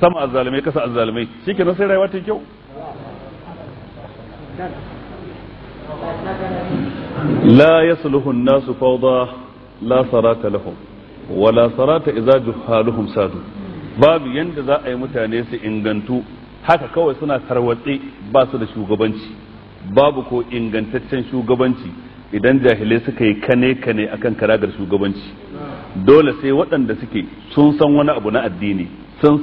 sama azzalumai kasa azzalumai shikenan sai rayuwa ta kyau لا nasu Nasu la لا lahum wa la sarata إذا juhaluhum sadu babu yanda za a yi mutane su ingantu haka kawai suna tarwatse ba su da shugabanci babu ko ingantaccen shugabanci idan jahilai suka yi kane kane akan karagar shugabanci dole sai waɗanda suke sun san wani abu na addini sun